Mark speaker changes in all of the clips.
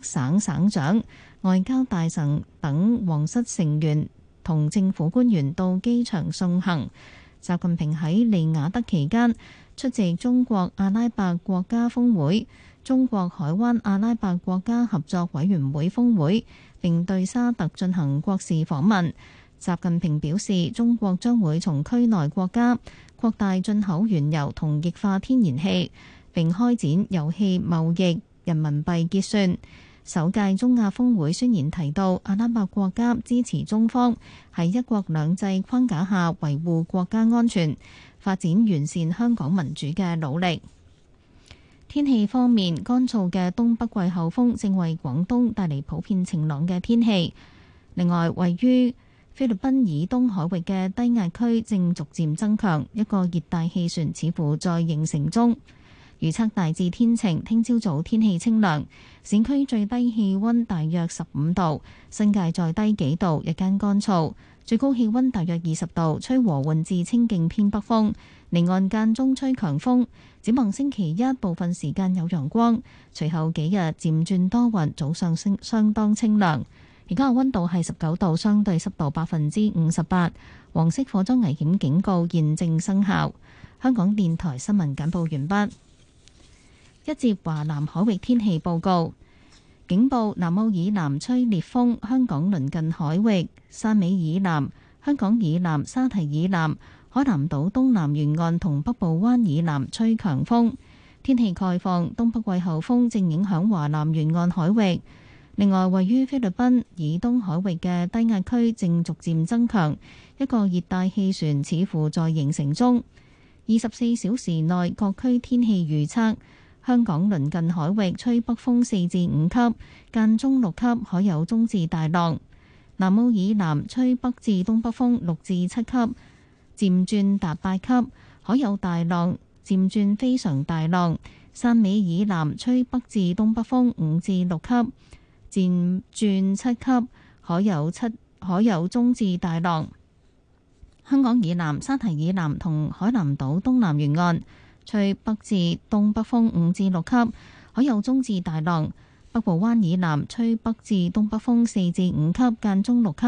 Speaker 1: 省省長、外交大臣等皇室成員同政府官員到機場送行。習近平喺利雅得期間出席中國阿拉伯國家峰會、中國海灣阿拉伯國家合作委員會峰會，並對沙特進行國事訪問。習近平表示，中國將會從區內國家擴大進口原油同液化天然氣，並開展油氣貿易、人民幣結算。首屆中亞峰會宣言提到，阿拉伯國家支持中方喺一國兩制框架下維護國家安全、發展完善香港民主嘅努力。天氣方面，乾燥嘅東北季候風正為廣東帶嚟普遍晴朗嘅天氣。另外，位於菲律賓以東海域嘅低壓區正逐漸增強，一個熱帶氣旋似乎在形成中。預測大致天晴，聽朝早天氣清涼，市區最低氣溫大約十五度，新界再低幾度。日間乾燥，最高氣溫大約二十度，吹和緩至清勁偏北風，離岸間中吹強風。展望星期一部分時間有陽光，隨後幾日漸轉多雲，早上相當清涼。而家嘅温度係十九度，相對濕度百分之五十八，黃色火災危險警告現正生效。香港電台新聞簡報完畢。一節華南海域天氣報告，警報：南澳以南吹烈，烈風，香港鄰近海域、汕尾以南、香港以南、沙堤以南、海南島東南沿岸同北部灣以南吹強風。天氣概況：東北季候風正影響華南沿岸海域。另外，位於菲律賓以東海域嘅低壓區正逐漸增強，一個熱帶氣旋似乎在形成中。二十四小時內各區天氣預測。香港鄰近海域吹北風四至五級，間中六級，可有中至大浪。南澳以南吹北至東北風六至七級，漸轉達八級，可有大浪，漸轉非常大浪。汕尾以南吹北至東北風五至六級，漸轉七級，可有七可有中至大浪。香港以南、沙提以南同海南島東南沿岸。吹北至東北風五至六級，海有中至大浪。北部灣以南吹北至東北風四至五級，間中六級，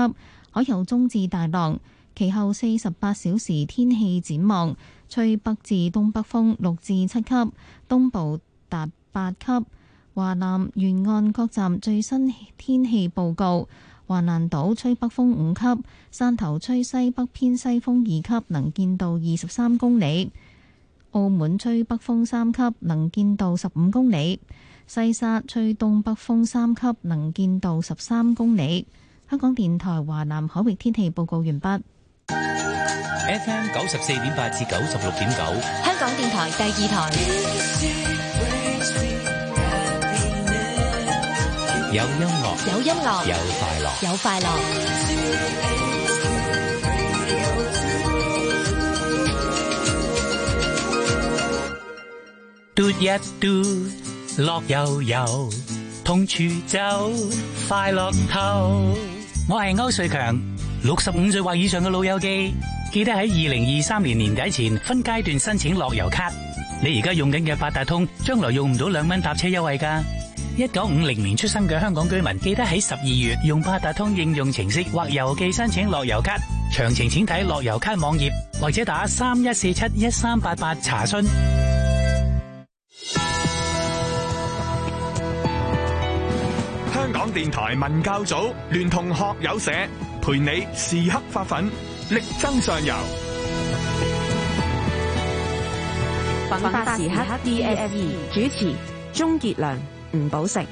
Speaker 1: 海有中至大浪。其後四十八小時天氣展望：吹北至東北風六至七級，東部達八級。華南沿岸各站最新天氣報告：華南島吹北風五級，汕頭吹西北偏西風二級，能見度二十三公里。澳門吹北風三級，能見度十五公里；西沙吹東北風三級，能見度十三公里。香港電台華南海域天氣報告完畢。FM
Speaker 2: 九十四點八至九十六點九，
Speaker 1: 香港電台第二台。
Speaker 3: 有音樂，有音樂，有快樂，有快樂。
Speaker 2: 嘟一嘟樂悠悠，通處走，快樂透。我係歐瑞強，六十五歲或以上嘅老友記，記得喺二零二三年年底前分階段申請樂悠咭。你而家用緊嘅八達通，將來用唔到兩蚊搭車優惠㗎。一九五零年出生嘅香港居民，記得喺十二月用八達通應用程式或郵寄申請樂悠咭。詳情請睇樂悠咭網頁或者打三一四七一三八八查詢。
Speaker 4: 電台文教組聯同學友社陪你時刻發奮，力爭上游。
Speaker 1: 奮發時刻，時刻 DSE SE 主持鍾杰良、吳寶成，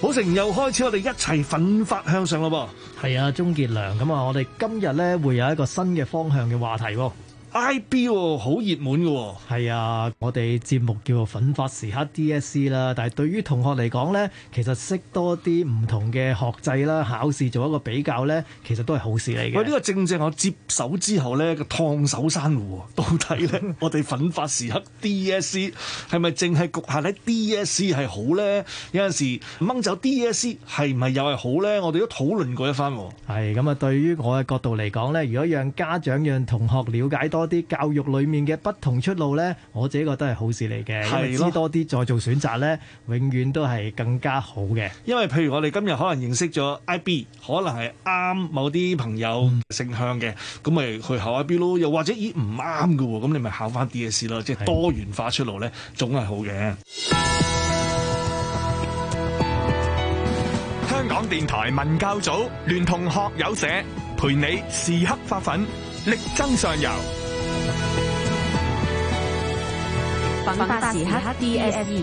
Speaker 4: 寶成又
Speaker 3: 開始我哋一齊奮發向上啦噃。係啊，鍾杰良咁啊，我哋今日咧會有一個新嘅方向嘅話題。I B 喎好熱門嘅係啊！我哋節目叫做奮發時刻 D S E 啦，但係對於同學嚟講咧，其實識多啲唔同嘅學制啦、考試做一個比較咧，其實都係好事嚟嘅。喂呢、這
Speaker 4: 個正正我接手之後咧個燙手山芋，到底咧 我哋奮發時刻 D S E 係咪淨係局限喺 D S E 係好咧？有陣時掹走 D S E
Speaker 3: 係唔係又係好咧？我哋都討論過一番、哦。係咁啊！對於我嘅角度嚟講咧，如果讓家長讓同學了解多～啲教育裏面嘅不同出路呢，我自己覺得係好事嚟嘅。知多啲再做選擇呢，永遠都係更加好嘅。
Speaker 4: 因為譬如我哋今日可能認識咗 IB，可能係啱某啲朋友性向嘅，咁咪去考 IB 咯。又或者咦唔啱噶喎，咁你咪考返 DSE 咯。即係多元化出路呢，總係好嘅。香港電台文教組聯同學友社，陪你時刻發奮，力爭上游。
Speaker 1: 粉發時
Speaker 4: 刻 DSE，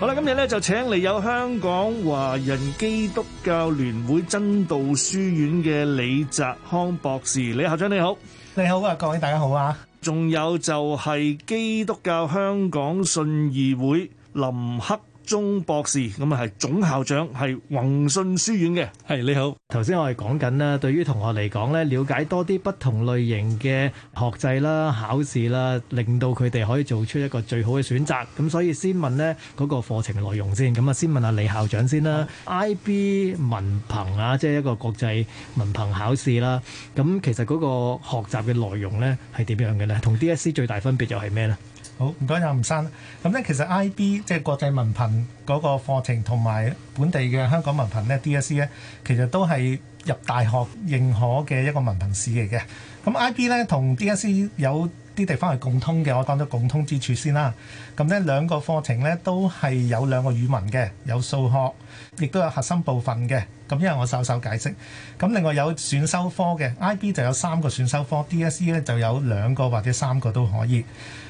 Speaker 4: 好啦，今日咧，就請嚟有香港華人基督教聯會真道書院嘅李澤康博士，李校長你好？
Speaker 2: 你好啊，各位大家好啊，
Speaker 4: 仲有就係基督教香港信義會林克中博士咁啊，係總校長，係
Speaker 3: 宏信書院嘅。係你好，頭先我係講緊啦。對於同學嚟講咧，了解多啲不同類型嘅學制啦、考試啦，令到佢哋可以做出一個最好嘅選擇。咁所以先問咧嗰個課程內容先。咁啊，先問下李校長先啦。IB 文憑啊，即係一個國際文憑考試啦。咁其實嗰個學習嘅內容咧係點樣嘅咧？同 DSE 最大分別又係咩咧？
Speaker 2: 好，唔該阿吳生。咁、嗯、咧，其實 IB 即係國際文憑嗰個課程，同埋本地嘅香港文憑咧，DSE 咧，SC，其實都係入大學認可嘅一個文憑試嚟嘅。咁、嗯、IB 咧同 DSE 有啲地方係共通嘅，我講咗共通之處先啦。咁呢兩個課程呢，都係有兩個語文嘅，有數學，亦都有核心部分嘅。咁因為我稍手手解釋，咁另外有選修科嘅 IB 就有三個選修科，DSE 咧就有兩個或者三個都可以。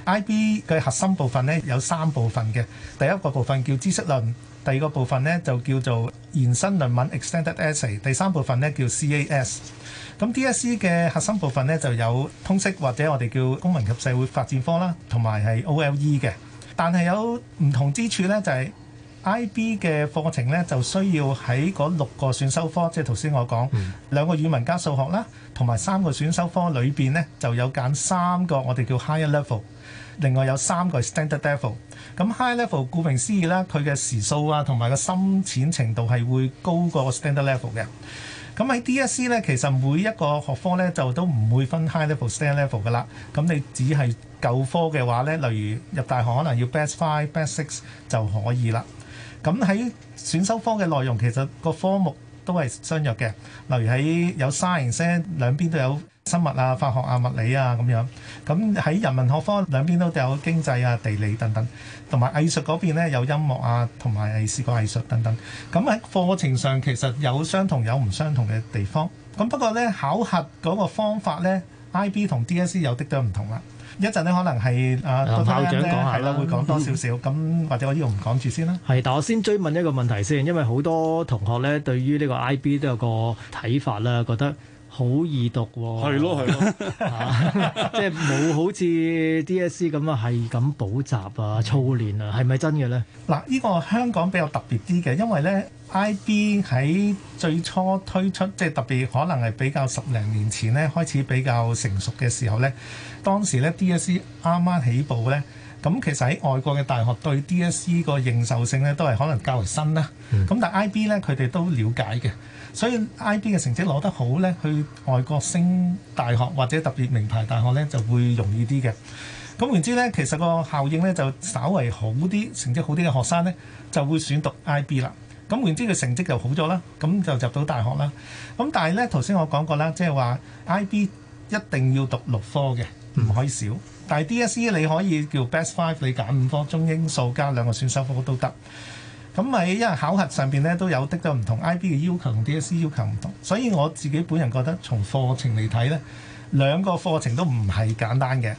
Speaker 2: IB 嘅核心部分呢，有三部分嘅，第一個部分叫知識論。第二個部分咧就叫做延伸論文 （Extended Essay），第三部分咧叫 CAS。咁 DSE 嘅核心部分咧就有通識或者我哋叫公民及社會發展科啦，同埋係 OLE 嘅。但係有唔同之處咧，就係、是、IB 嘅課程咧就需要喺嗰六個選修科，即係頭先我講兩、嗯、個語文加數學啦，同埋三個選修科裏邊咧就有揀三個我哋叫 higher level。另外有三個 standard level，咁 high level 顧名思義咧，佢嘅時數啊同埋個深淺程度係會高過 standard level 嘅。咁喺 DSE 咧，其實每一個學科咧就都唔會分 high level, stand level、standard level 噶啦。咁你只係舊科嘅話咧，例如入大學可能要 best five、best six 就可以啦。咁喺選修科嘅內容，其實個科目都係相若嘅。例如喺有 science 兩邊都有。生物啊、化學啊、物理啊咁樣，咁喺人文學科兩邊都有經濟啊、地理等等，同埋藝術嗰邊咧有音樂啊，同埋視覺藝術等等。咁喺課程上其實有相同有唔相同嘅地方。咁不過咧考核嗰個方法咧，IB 同 DSE 有啲都唔同啦。一陣咧可能係啊，校長講下啦、嗯，會講多少少。咁、嗯、或者我呢個唔講住先啦。
Speaker 3: 係，但我先追問一個問題先，因為好多同學咧對於呢個 IB 都有個睇法啦，覺得，好易讀喎、哦，係咯係咯， 即係冇好似 DSE 咁啊，係咁補習啊、操練啊，係咪真嘅咧？嗱，呢個香港比較特別啲嘅，因為咧 IB
Speaker 2: 喺最初推出，即係特別可能係比較十零年前咧開始比較成熟嘅時候咧，當時咧 DSE 啱啱起步咧，咁其實喺外國嘅大學對 DSE 個認受性咧都係可能較為新啦。咁、嗯、但係 IB 咧佢哋都了解嘅。所以 IB 嘅成績攞得好呢，去外國升大學或者特別名牌大學呢就會容易啲嘅。咁然之呢，其實個效應呢就稍為好啲，成績好啲嘅學生呢就會選讀 IB 啦。咁然之佢成績就好咗啦，咁就入到大學啦。咁但係呢，頭先我講過啦，即係話 IB 一定要讀六科嘅，唔可以少。嗯、但係 DSE 你可以叫 best five，你揀五科中英數加兩個選修科都得。咁喺一係考核上邊咧，都有的都唔同 IB 嘅要求同 DSE 要求唔同，所以我自己本人覺得從課程嚟睇咧，兩個課程都唔係簡單嘅。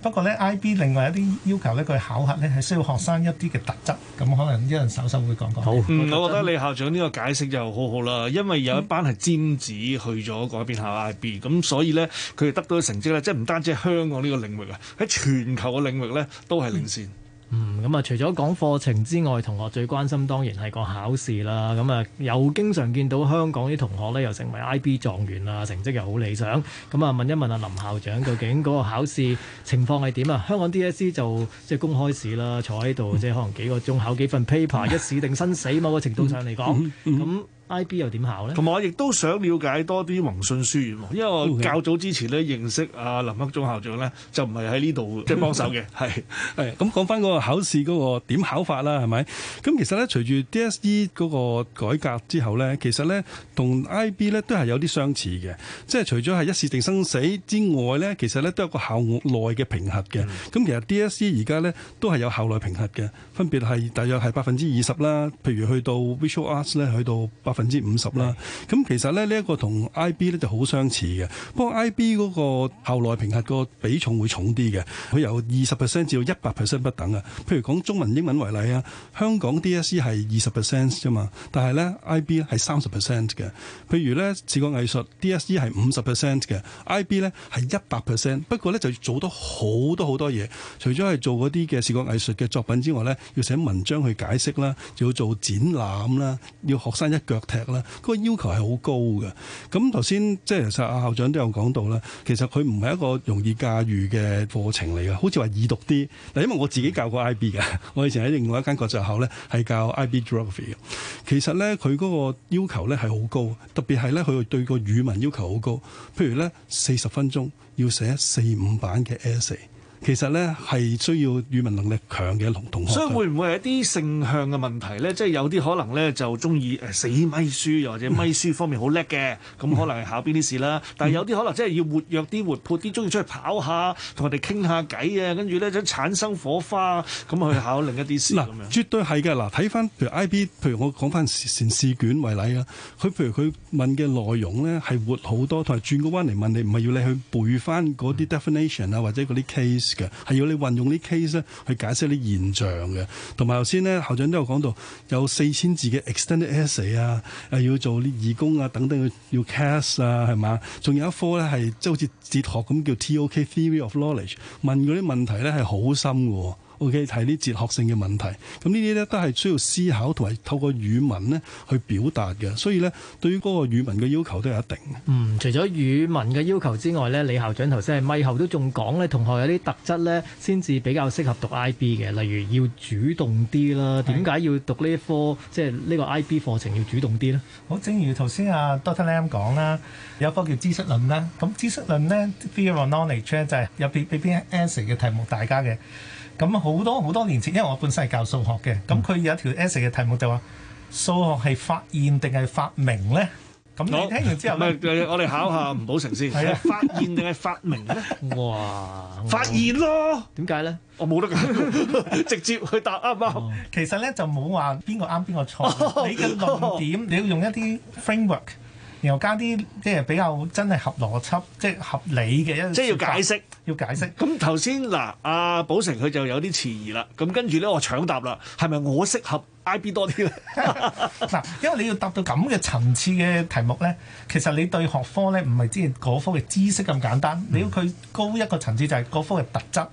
Speaker 2: 不過咧 IB 另外一啲要求咧，佢考核咧係需要學生一啲嘅特質。咁可能一人稍稍會講講。好，嗯嗯，我
Speaker 4: 覺得李校長呢個解釋就好好啦，因為有一班係尖子去咗嗰邊考 IB，咁所以咧佢哋得到嘅成績咧，即係唔單止係香港呢個領域啊，喺全球嘅領域咧都係領先。嗯
Speaker 3: 嗯，咁、嗯、啊、嗯，除咗講課程之外，同學最關心當然係個考試啦。咁、嗯、啊，又經常見到香港啲同學咧，又成為 IB 狀元啊，成績又好理想。咁、嗯、啊，問一問阿林校長，究竟嗰個考試情況係點啊？香港 DSE 就即係公開試啦，坐喺度即係可能幾個鐘考幾份 paper，一試定生死，某個程度上嚟講，咁。IB 又點考咧？同埋
Speaker 4: 我亦都想了解多啲宏信書院，因為我較早之前
Speaker 5: 咧認識阿林克忠校長咧，就唔係喺呢度即係幫手嘅。係，係咁講翻嗰個考試嗰個點考法啦，係咪？咁其實咧，隨住 DSE 嗰個改革之後咧，其實咧同 IB 咧都係有啲相似嘅，即係除咗係一試定生死之外咧，其實咧都有一個校內嘅評核嘅。咁、嗯、其實 DSE 而家咧都係有校內評核嘅，分別係大約係百分之二十啦，譬如去到 Visual Arts 咧，去到百。百分之五十啦，咁其實咧呢一個同 IB 咧就好相似嘅，不過 IB 嗰個校內評核個比重會重啲嘅，佢由二十 percent 至到一百 percent 不等啊。譬如講中文英文為例啊，香港 DSE 係二十 percent 咋嘛，但係咧 IB 係三十 percent 嘅。譬如咧視覺藝術 DSE 係五十 percent 嘅，IB 咧係一百 percent，不過咧就要做多好多好多嘢。除咗係做嗰啲嘅視覺藝術嘅作品之外咧，要寫文章去解釋啦，要做展覽啦，要學生一腳踢啦，嗰個要求係好高嘅。咁頭先即係其實阿校長都有講到啦，其實佢唔係一個容易駕馭嘅課程嚟嘅，好似話易讀啲。嗱，因為我自己教過 IB 嘅，我以前喺另外一間國際學校咧係教 IB Geography 嘅。其實咧佢嗰個要求咧係好高，特別係咧佢對個語文要求好高。譬如咧四十分鐘要寫四五版嘅 essay。其實咧係需要語文能力強嘅同同
Speaker 4: 學，所以會唔會係一啲性向嘅問題咧？即係有啲可能咧就中意誒死咪書，又或者咪書方面好叻嘅，咁、嗯、可能係考邊啲事啦？嗯、但係有啲可能即係要活躍啲、活潑啲，中意出去跑下，同人哋傾下偈啊，跟住咧想產生火花，咁去考另一啲事。嗱，絕
Speaker 5: 對係嘅。嗱，睇翻譬如 IB，譬如我講翻成試卷為例啊，佢譬如佢問嘅內容咧係活好多，同埋轉個彎嚟問你，唔係要你去背翻嗰啲 definition 啊，或者嗰啲 case。係要你運用啲 case 咧去解釋啲現象嘅，同埋頭先咧校長都有講到有四千字嘅 extended essay 啊，又要做啲義工啊等等嘅，要 CAS 啊係嘛，仲有一科咧係即係好似哲學咁叫 TOK、OK, theory of knowledge，問嗰啲問題咧係好深㗎。O.K. 睇啲哲學性嘅問題，咁呢啲咧都係需要思考同埋透過語文咧去表達嘅，所以咧對於嗰個語文嘅要求都係一定嘅。嗯，除咗語文嘅要求之外咧，
Speaker 3: 李校長頭先係咪後都仲講咧，同學有啲特質咧先至比較適合讀 I.B. 嘅，例如要主動啲啦。點解要讀呢一科即係呢個 I.B. 課程要主動啲
Speaker 2: 咧？是好，正如頭先阿、啊、Doctor Lam 講啦，有一科叫知識論啦。咁知識論咧 theory of knowledge 就係有邊俾 answer 嘅題目大家嘅。咁好多好多年前，因為我本身係教數學嘅，咁佢有一條 essay 嘅題目就話數學係發現定係發
Speaker 3: 明咧？咁你聽完之後，咪我哋考下吳
Speaker 4: 寶成先。係啊，
Speaker 3: 發現定
Speaker 4: 係
Speaker 2: 發明咧？哇！發現
Speaker 3: 咯，點解咧？我冇得
Speaker 2: 直接去答啱唔啱？其實咧就冇話邊個啱邊個錯，你嘅論點你要用一啲 framework。然後加啲即係比較真係合邏輯，即係合理嘅一。即係要解釋，要解釋。
Speaker 4: 咁頭先嗱，阿寶、啊、成佢就有啲遲疑啦。咁跟住咧，我搶答啦。係咪我適合 IB 多啲
Speaker 2: 咧？嗱 因為你要答到咁嘅層次嘅題目咧，其實你對學科咧唔係之前嗰科嘅知識咁簡單。嗯、你要佢高一個層次就，就係嗰科嘅特質，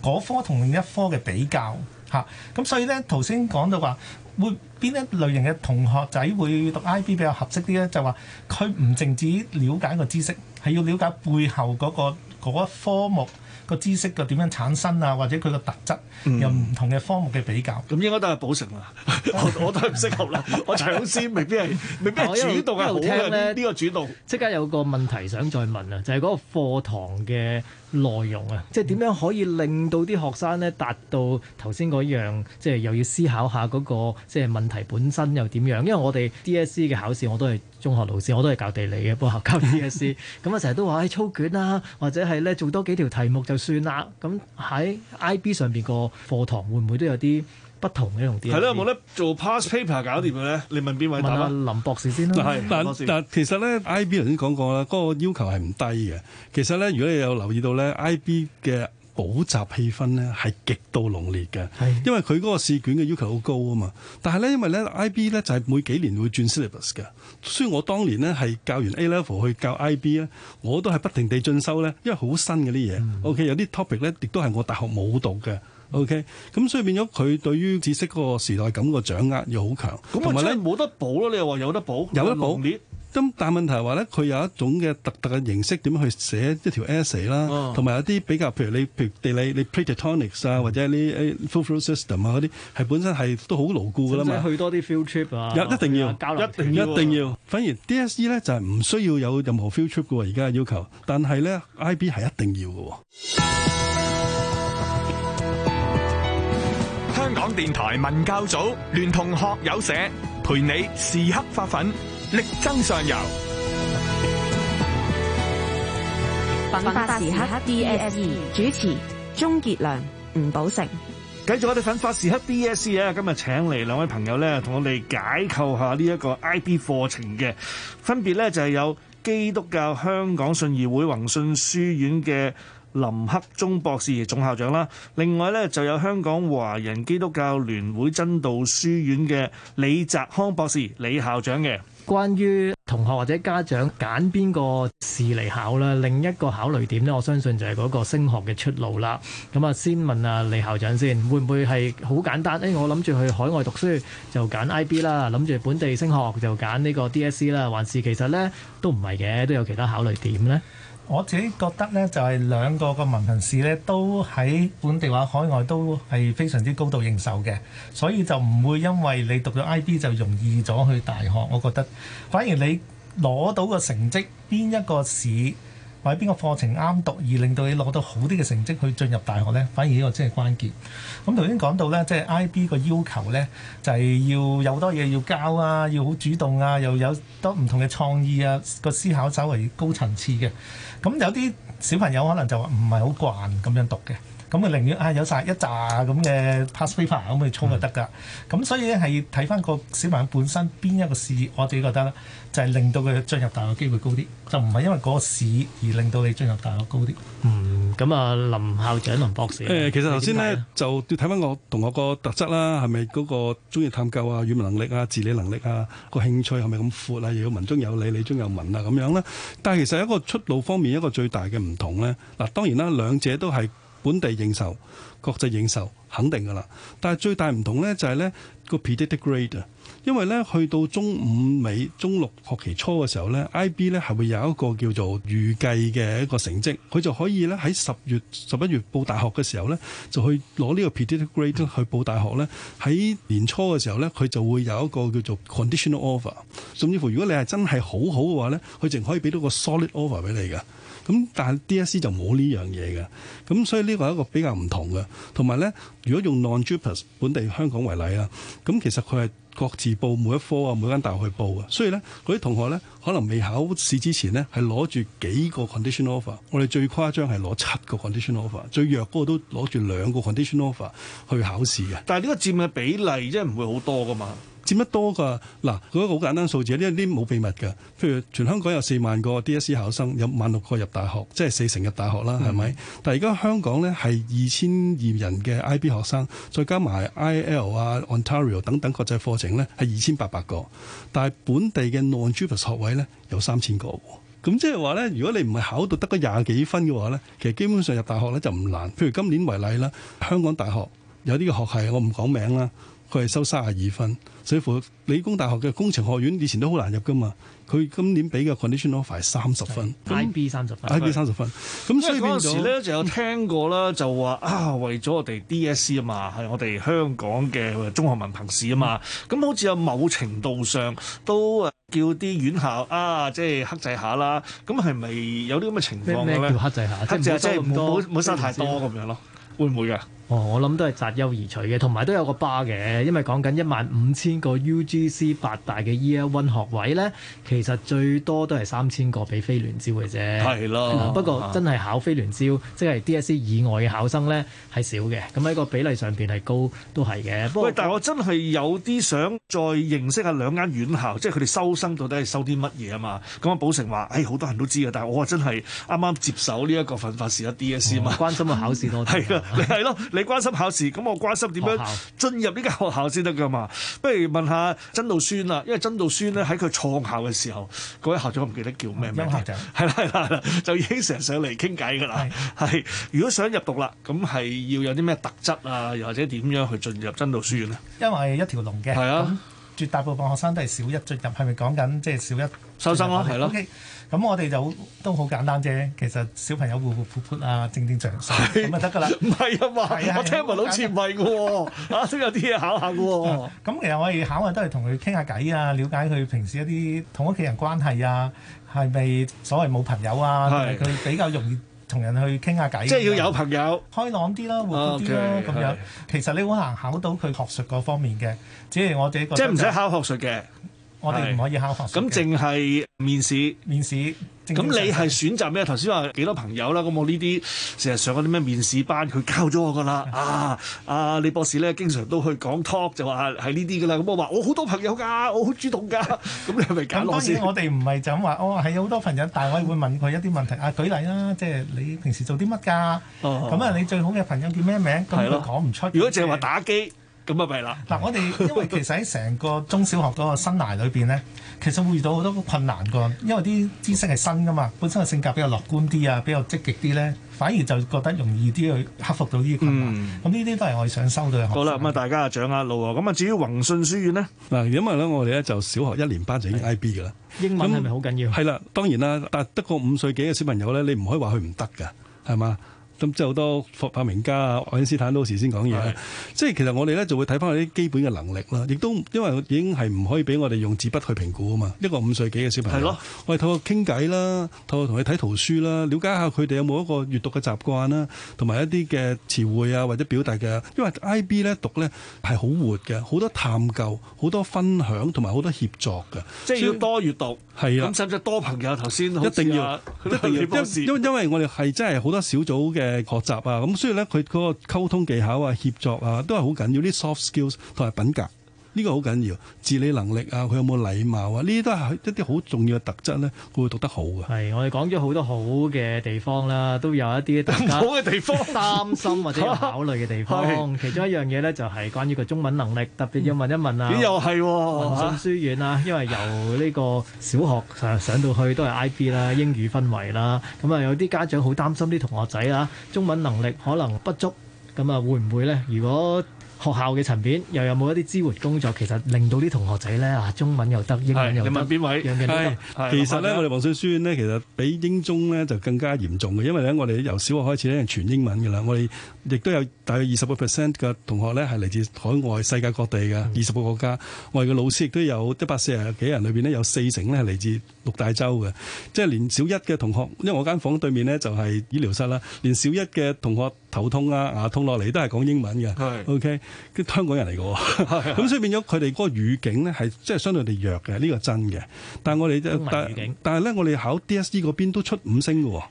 Speaker 2: 嗰科同另一科嘅比較嚇。咁、啊、所以咧，頭先講到話。會邊一類型嘅同學仔會讀 IB 比較合適啲咧？就話佢唔淨止了解個知識，係要了解背後嗰、嗰一、嗰個、科目。個知識嘅點樣產生啊？或者佢個特質有唔
Speaker 3: 同嘅科目嘅比較，咁、嗯、應該都係補成啦
Speaker 4: 我都係唔適合啦。是我搶先，未必係，
Speaker 1: 未必係主動啊。因為
Speaker 3: 聽呢個主動，即刻有個問題想再問啊，就係、是、嗰個課堂嘅內容啊，即係點樣可以令到啲學生呢達到頭先嗰樣，即、就、係、是、又要思考下嗰個即係問題本身又點樣？因為我哋 DSE 嘅考試，我都係中學老師，我都係教地理嘅，不幫學校教 DSE。 咁、哎、啊，成日都話誒操卷啊，或者係咧做多幾條題目就。算啦，咁喺 IB 上邊個課堂會唔會都有啲不同嘅用
Speaker 5: 啲係啦，冇得、
Speaker 4: 嗯、做 past、嗯、paper 搞掂嘅咧。你問邊位答？問，問林
Speaker 5: 博士先啦。但嗱、那個，其實咧 IB 頭先講過啦，嗰個要求係唔低嘅。其實咧，如果你有留意到咧，IB 嘅補習氣氛咧係極度濃烈嘅的，因為佢嗰個試卷嘅要求好高啊嘛。但係咧，因為咧 IB 咧就係、是、每幾年會轉 syllabus 嘅，所以我當年咧係教完 A level 去教 IB 咧，我都係不停地進修咧，因為好新嗰啲嘢。嗯、OK，有啲 topic 咧亦都係我大學冇讀嘅。OK，咁所以變咗佢對於知識嗰個時代感個掌握要好強，咁同埋咧冇得補咯。你又話有得補，有得補。咁但係問題係話咧，佢有一種嘅特特嘅形式點樣去寫一條 essay 啦，同埋有啲比較，譬如你譬如地理你 plate tectonics 啊，或者啲 full system 啊嗰啲，係本身係都好牢固㗎啦嘛。即係去
Speaker 3: 多啲 field trip 啊，有一定要交流，一定一定要。
Speaker 5: 反而 DSE 咧就係唔需要有任何 field trip 嘅喎，而家嘅要求。但係咧 IB 係一定要嘅喎。
Speaker 4: 香港電台文教組聯同學友社，陪你時刻發奮。力爭上游，
Speaker 1: 粉發時刻 D S E 主持鍾杰良、吳寶成。繼續我
Speaker 4: 哋粉發時刻 D S E 今日請嚟兩位朋友咧，同我哋解構下呢一個 I B 課程嘅。分別咧就係有基督教香港信義會宏信書院嘅林克忠博士，總校長啦；另外咧就有香港華人基督教聯會真道書院嘅李澤康博士，李校長嘅。
Speaker 3: 關於同學或者家長揀邊個試嚟考啦，另一個考慮點呢，我相信就係嗰個升學嘅出路啦。咁啊，先問啊李校長先，會唔會係好簡單？誒、哎，我諗住去海外讀書就揀 IB 啦，諗住本地升學就揀呢個 DSE 啦，還是其實呢都唔係嘅，都有其他考慮點呢？我自己覺
Speaker 2: 得呢，就係、是、兩個嘅文憑試呢都喺本地或海外都係非常之高度認受嘅，所以就唔會因為你讀咗 IB 就容易咗去大學。我覺得反而你攞到嘅成績，邊一個市？買邊個課程啱讀，而令到你攞到好啲嘅成績去進入大學呢，反而呢個真係關鍵。咁頭先講到呢，即係 IB 個要求呢，就係要有多嘢要交啊，要好主動啊，又有多唔同嘅創意啊，個思考稍微高層次嘅。咁有啲小朋友可能就話唔係好慣咁樣讀嘅。咁啊，寧願啊，有晒一扎咁嘅 past paper 咁去衝就得㗎。咁、 嗯、所以咧，係睇翻個小朋友本身邊一個試，我自己覺得咧，就係令到佢進入大學機會高啲，就唔係因為嗰個試而令到你進入大
Speaker 3: 學高啲。嗯，咁啊，林校長，林博士。誒，其實頭先咧，呢
Speaker 5: 就要睇翻我同學個特質啦，係咪嗰個鍾意探究啊、語文能力啊、自理能力啊、個興趣係咪咁闊啊？又要文中有理、理中有文啊咁樣咧。但係其實一個出路方面，一個最大嘅唔同咧，嗱，當然啦，兩者都係。本地認受、國際認受，肯定噶啦。但係最大唔同咧，就係、是、咧個 predicted grade 啊。因為咧，去到中五尾、中六學期初嘅時候咧，IB 咧係會有一個叫做預計嘅一個成績，佢就可以咧喺十月、十一月報大學嘅時候咧，就去攞呢個 predicted grade 去報大學咧。喺年初嘅時候咧，佢就會有一個叫做 conditional offer。甚至乎，如果你係真係好好嘅話咧，佢仲可以俾到個 solid offer 俾你嘅。咁但係 DSE 就冇呢樣嘢嘅，咁所以呢個係一個比較唔同嘅。同埋咧，如果用 non-JUPAS 本地香港為例啊，咁其實佢係各自報每一科啊，每間大學去報嘅。所以咧，嗰啲同學咧可能未考試之前咧係攞住幾個 condition offer，我哋最誇張係攞七個 condition offer，最弱嗰個都攞住兩個 condition offer 去考試嘅。但係呢個佔嘅比例即係唔會好多㗎嘛。佔得多㗎，嗱，嗰個好簡單數字，呢啲冇秘密㗎。譬如全香港有四萬個 DSE 考生，有萬六個入大學，即係四成入大學啦，係咪？嗯、但係而家香港呢係二千二人嘅 IB 學生，再加埋 IL 啊 Ontario 等等國際課程呢係二千八百個，但係本地嘅 Non-JUPAS 學位呢有三千個喎。咁即係話呢，如果你唔係考到得個廿幾分嘅話呢，其實基本上入大學呢就唔難。譬如今年為例啦，香港大學有啲嘅學系我唔講名啦。佢係收三十二分，所以乎理工大學嘅工程學院以前都好難入噶嘛，佢今年俾嘅 Conditional Offer 係三十分，I< 對>那 B 三十分，I B 三十分。咁對所以嗰陣時咧，嗯、
Speaker 4: 就有聽過啦，就話啊，為咗我哋 DSE 啊嘛，係我哋香港嘅中學文憑試啊嘛。咁、嗯、好似有某程度上都叫啲院校啊，即係克制下啦。咁係咪有啲咁嘅情況咧？咩叫克制下？克制下，即係唔好唔好收太多咁
Speaker 3: 樣咯，會唔會嘅？哦，我諗都係擇優而取嘅，同埋都有個巴嘅，因為講緊一萬五千個 UGC 八大嘅 E1 學位咧，其實最多都係三千個俾非聯招嘅啫。係咯，不過真係考非聯招，即係 DSE 以外嘅考生咧，係少嘅。咁喺個比例上邊係高都係嘅。
Speaker 4: 不過喂，但係我真係有啲想再認識下兩間院校，即係佢哋收生到底係收啲乜嘢啊嘛？咁啊，寶成話，唉，好多人都知嘅，但係我啊真係啱啱接手呢一個憲法時啊 DSE 嘛，哦，關心個考試多啲，係咯。你關心考試，咁我關心點樣進入呢間學校先得噶嘛？校不如問下真道宣啦，因為真道宣咧喺佢創校嘅時候，嗰個校長唔記得叫咩名，係啦係啦，就已經成日上嚟傾偈噶啦。係的，如果想入讀啦，咁係要有啲咩特質啊，又或者點樣去進入真道書院咧？
Speaker 2: 因為一條龍嘅。係啊的。絕大部分學生都係小一進入，係咪講緊即係小一收生咯？係咯。咁我哋就都好簡單啫。其實小朋友活活潑潑啊，正正常常咁啊得㗎啦。
Speaker 4: 唔係啊嘛，我聽聞好似唔係㗎喎，吓都有啲嘢考下㗎喎。
Speaker 2: 咁其實我哋考下都係同佢傾下偈啊，瞭解佢平時一啲同屋企人關係啊，係咪所謂冇朋友啊？係佢比較容易。同人去傾下偈，即係要有朋友，開朗啲啦，活潑啲啦，咁樣。其實你好難考到佢學術嗰方面嘅，只係我哋一個。即係唔使考學術嘅。是我哋唔可以考學歷咁淨
Speaker 4: 係面試。面試。咁你係選擇咩？頭先話幾多朋友啦？咁我呢啲成日上嗰啲咩面試班，佢教咗我噶啦、 啊。啊，阿李博士咧，經常都去講 talk，就話係呢啲噶啦。咁我話我好多朋友噶，我好主動噶。咁 你係
Speaker 3: 咪揀？ 當然我
Speaker 2: 哋唔係就咁話，哦，係有好多朋友，但係我係會問佢一啲問題。啊，舉例啦，即係你平時做啲乜㗎？咁啊，你最好嘅朋友叫咩名？係都講唔出。的如果淨係話打機。咁啊，咪係啦！嗱， 我哋 因為其實喺成個中小學嗰個生涯裏邊咧，其實會遇到好多困難㗎，因為啲知識係新噶嘛，本身個性格比較樂觀啲啊，比較積極啲咧，反而就覺得容易啲去克服到呢啲困難。咁呢啲都係我哋想收嘅學生。好啦，
Speaker 5: 咁啊大家啊掌握路喎。咁啊，至於宏信書院咧，嗱，因為咧我哋咧就小學一年班就已經 IB 㗎啦。英文係咪好緊要？係啦，當然啦，但係得個五歲幾嘅小朋友咧，你唔可以話佢唔得㗎，係嘛？咁即好多發發明家啊，愛因斯坦都時先講嘢。的即係其實我哋咧就會睇翻佢啲基本嘅能力啦。亦都因為已經係唔可以俾我哋用紙筆去評估啊嘛。一個五歲幾嘅小朋友，係咯的，我哋透過傾偈啦，透過同佢睇圖書啦，了解下佢哋有冇一個閱讀嘅習慣啦，同埋一啲嘅詞彙啊或者表達嘅。因為 I B 咧讀咧係好活嘅，好多探究、好多分享同埋好多協作嘅。即係要
Speaker 4: 多閱讀，係啊的。咁使唔使多朋友？頭先一定要，一定要，因為
Speaker 5: 因為我哋係真係好多小組嘅。誒學習啊，咁所以咧，佢嗰個溝通技巧啊、協作啊，都係好緊要啲 soft skills 同埋品格。呢個好緊要，自理能力啊，佢有冇禮貌啊？呢啲都係一啲好重要嘅特質咧，會讀得好嘅。
Speaker 3: 係，我哋講咗好多好嘅地方啦，都有一啲好嘅地方， 擔心或者考慮嘅地方。 是其中一樣嘢咧，就係關於佢中文能力，特別要問一問啊。咦、啊，又係，文信書院啊，因為由呢個小學上到去都係 IB 啦，英語氛圍啦，咁啊有啲家長好擔心啲同學仔啊中文能力可能不足，咁啊會唔會咧？如果學校嘅層面又有冇一啲支援工作，其實令到啲同學仔咧啊，中文又得，英文又得，你問邊位？是
Speaker 5: 其實咧，嗯、我哋宏信書院咧，其實比英中咧就更加嚴重嘅，因為咧，我哋由小學開始咧係全英文嘅啦。我哋亦都有大約二十個 percent 嘅同學咧係嚟自海外世界各地嘅二十個國家。我哋嘅老師亦都有一百四十幾人裏邊呢，有四成呢，係嚟自六大洲嘅，即係連小一嘅同學，因為我間房對面呢，就係醫療室啦，連小一嘅同學。溝通啦，啊，通落嚟都係講英文嘅是，OK，啲香港人嚟嘅，咁 所以變咗佢哋嗰個語境咧係即係相對地弱嘅，呢、呢個真嘅。但係我哋就但係咧，但我哋考 DSE 嗰邊都出五星嘅，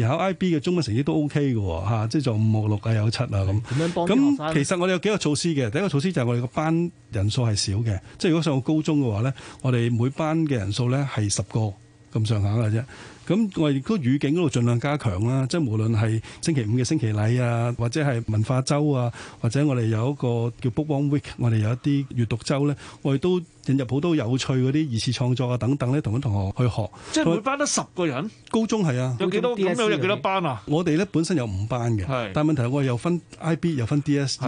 Speaker 5: 而考 IB 嘅中文成績都 OK 嘅，嚇、啊，即係就五、六啊，有七啊咁。咁其實我哋有幾個措施嘅，第一個措施就係我哋個班人數係少嘅，即係如果上到高中嘅話咧，我哋每班嘅人數咧係十個咁上下嘅啫。咁我亦都語境嗰度盡量加強啦，即係無論係星期五嘅星期禮啊，或者係文化周啊，或者我哋有一個叫 Book One Week，我哋有一啲閱讀周咧，我哋都，引入好多有趣嗰啲二次創作啊等等咧，同啲同學去學。即係每班得十個人，高中係啊，有幾多？咁有有幾多班啊？我哋咧本身有五班嘅，但係問題我哋又分 IB 又分 DSE，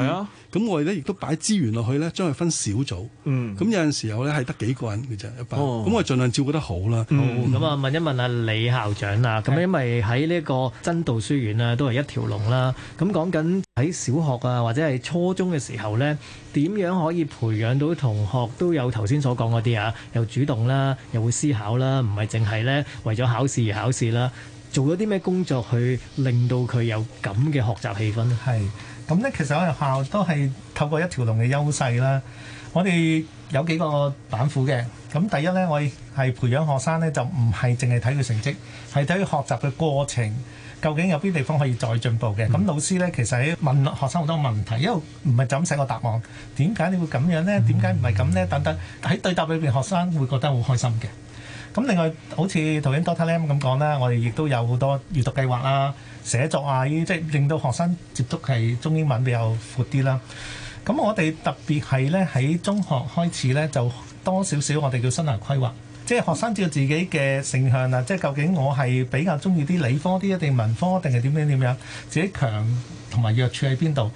Speaker 5: 咁我哋咧亦都擺資源落去呢，將佢分小組。咁有陣時候呢係得幾個人嘅啫一班。咁我
Speaker 3: 盡量照顧得好啦。咁啊問一問啊，李校長啊，咁因為喺呢個真道書院啊，都係一條龍啦。咁講緊喺小學啊或者係初中嘅時候呢，點樣可以培養到同學都有頭？頭先所講嗰啲啊，又主動啦，又會思考啦，唔係淨係咧為咗考試而考試啦。做咗啲咩工作去令到佢有咁嘅學習氣氛咧？係咁咧，其實我哋學校都係透過一
Speaker 2: 條龍嘅優勢啦。我哋有幾個板斧嘅。咁第一咧，我係培養學生咧，就唔係淨係睇佢成績，係睇佢學習嘅過程。究竟有邊地方可以再進步嘅？咁老師咧，其實要問學生好多問題，因為唔係就咁寫個答案。點解你會咁樣咧？點解唔係咁咧？等等喺對答裏邊，學生會覺得好開心嘅。咁另外，好似頭先 Doctor Lam 咁講啦，我哋亦都有好多閱讀計劃啦、寫作啊，呢啲即係令到學生接觸係中英文比較闊啲啦。咁我哋特別係咧喺中學開始咧，就多少少我哋叫生涯規劃。即係學生照自己嘅性向啦，即係究竟我係比較中意啲理科啲定文科定係點樣點樣，自己強同埋弱處喺邊度？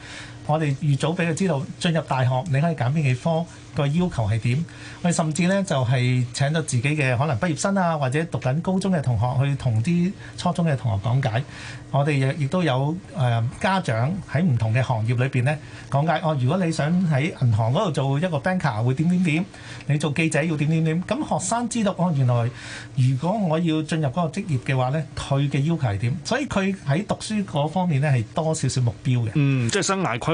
Speaker 2: 我哋預早俾佢知道，進入大學你可以揀邊幾科，個要求係點，我哋甚至咧就係請到自己嘅可能畢業生啊，或者讀緊高中嘅同學去同啲初中嘅同學講解。我哋亦都有誒家長喺唔同嘅行業裏邊咧講解。哦，如果你想喺銀行嗰度做一個 banker 會點點點，你做記者要點點點。咁學生知道哦，原來如果我要進入嗰個職業嘅話咧，佢嘅要求係點，所以佢喺讀書嗰方面咧係多少少目標嘅。嗯，
Speaker 4: 即係生涯規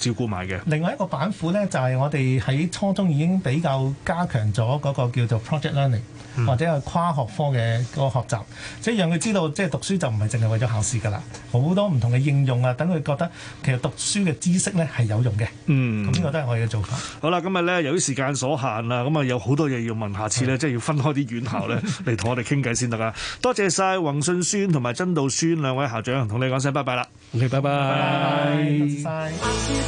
Speaker 4: 照顧埋嘅。
Speaker 2: 另外一個板斧咧，就係、是、我哋喺初中已經比較加強咗嗰個叫做 project learning，、嗯、或者係跨學科嘅個學習，即、就、係、是、讓佢知道，即、就、係、是、讀書就唔係淨係為咗考試噶啦，好多唔同嘅應用啊，等佢覺得其實讀書嘅知識咧係有用嘅。嗯，咁呢個都係我嘅做法。
Speaker 4: 好啦，今日咧由於時間所限啦，咁啊有好多嘢要問，下次咧即係要分開啲院校咧嚟同我哋傾偈先得啊。多謝晒宏信孫同埋真道孫兩位校長，同你講聲拜拜啦。OK，拜
Speaker 2: 拜。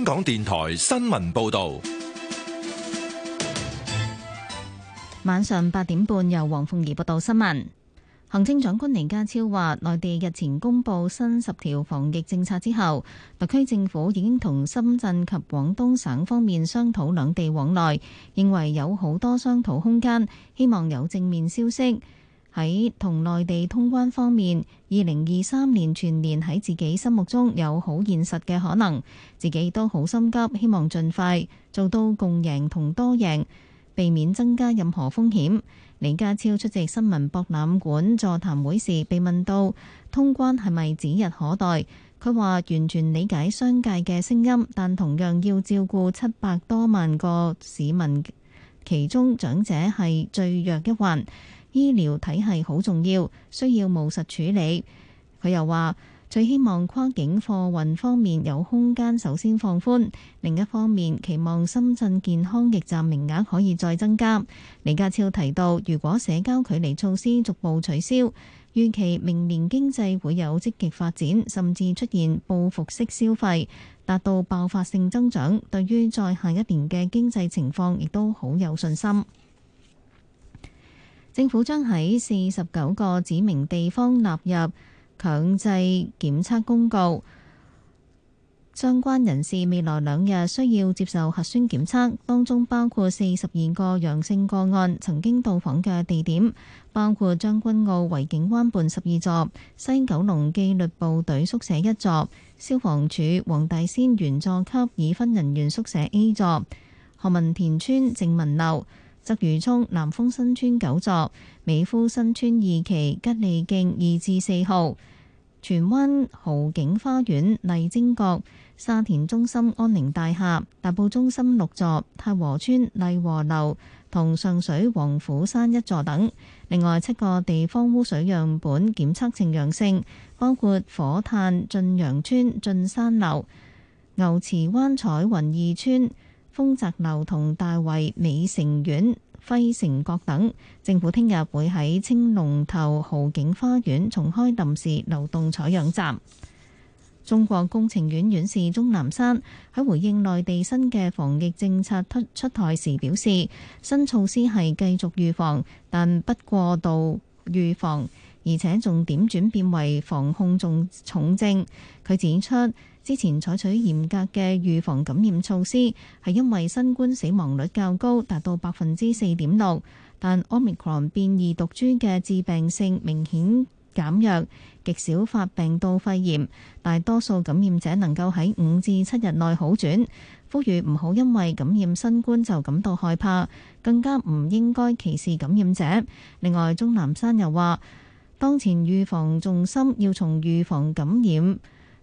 Speaker 5: 香港電台新聞報道，
Speaker 1: 晚上八點半由黃鳳儀報道新聞。行政長官李家超話，內地日前公布新十條防疫政策之後，特區政府已經同深圳及廣東省方面商討兩地往來，認為有好多商討空間，希望有正面消息。喺同內地通關方面，二零二三年全年喺自己心目中有好現實嘅可能，自己都好心急，希望盡快做到共贏同多贏，避免增加任何風險。李家超出席新聞博覽館座談會時被問到通關係咪指日可待，佢話完全理解商界嘅聲音，但同樣要照顧七百多萬個市民，其中長者係最弱一環。醫療體系好重要，需要務實處理。佢又話：最希望跨境貨運方面有空間首先放寬，另一方面期望深圳健康驛站名額可以再增加。李家超提到，如果社交距離措施逐步取消，預期明年經濟會有積極發展，甚至出現報復式消費，達到爆發性增長。對於在下一年嘅經濟情況，亦都好有信心。政府將喺四十九個指明地方納入強制檢測公告，相關人士未來兩日需要接受核酸檢測，當中包括四十二個陽性個案曾經到訪嘅地點，包括將軍澳維景灣畔十二座、西九龍紀律部隊宿舍一座、消防處黃大仙員佐級已婚人員宿舍 A 座、何文田村正文樓。鰂魚涌南豐新村九座、美孚新村二期、吉利徑二至四號、荃灣豪景花園麗晶閣、沙田中心安寧大廈、大埔中心六座、太和邨麗和樓、同上水皇府山一座等。另外七個地方污水樣本檢測呈陽性，包括火炭駿洋邨駿山樓、牛池灣彩雲二邨。豐澤樓、同大圍美城苑、輝城閣等，政府聽日會喺青龍頭豪景花園重開臨時流動採樣站。中國工程院院士鍾南山喺回應內地新嘅防疫政策出出台時表示，新措施係繼續預防，但不過度預防，而且重點轉變為防控重重症。佢指出。之前採取嚴格嘅預防感染措施，係因為新冠死亡率較高，達到百分之四點六。但 Omicron 變異毒株嘅致病性明顯減弱，極少發病到肺炎，大多數感染者能夠喺五至七日內好轉。呼籲唔好因為感染新冠就感到害怕，更加唔應該歧視感染者。另外，鍾南山又話，當前預防重心要從預防感染，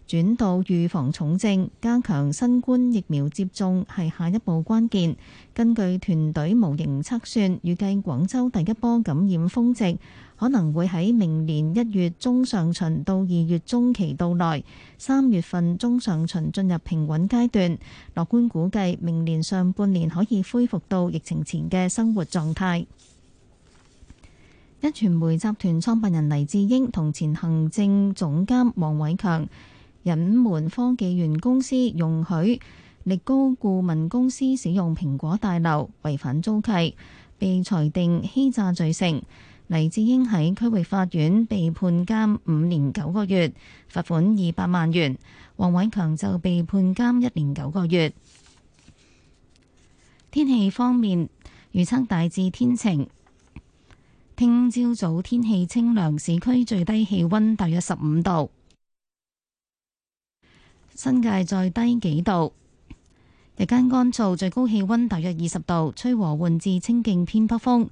Speaker 1: 轉到預防重症，加強新冠疫苗接種係下一步關鍵。根據團隊模型測算，預計廣州第一波感染峰值可能會喺明年一月中上旬到二月中期到來，三月份中上旬進入平穩階段。樂觀估計，明年上半年可以恢復到疫情前嘅生活狀態。壹傳媒集團創辦人黎智英同前行政總監王偉強，隱瞞科技園公司容許力高顧問公司使用蘋果大樓，違反租契，被裁定欺詐罪成。黎智英喺區域法院被判監五年九個月，罰款二百萬元。王偉強就被判監一年九個月。天氣方面，預測大致天晴，聽朝早天氣清涼，市區最低氣溫大約十五度。新界再低幾度，日間乾燥，最高氣温大約二十度，吹和緩至清勁偏北風。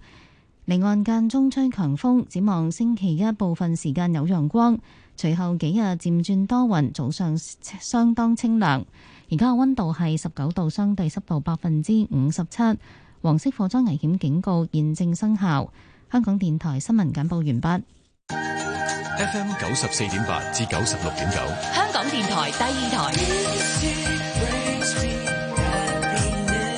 Speaker 1: 離岸間中吹強風，展望星期一部分時間有陽光，隨後幾日漸轉多雲，早上相當清涼。而家嘅温度係十九度，相對濕度百分之五十七。黃色火災危險警告現正生效。香港電台新聞簡報完畢。
Speaker 4: FM 九十四點八至九十六點九，
Speaker 1: 香港電台第二台。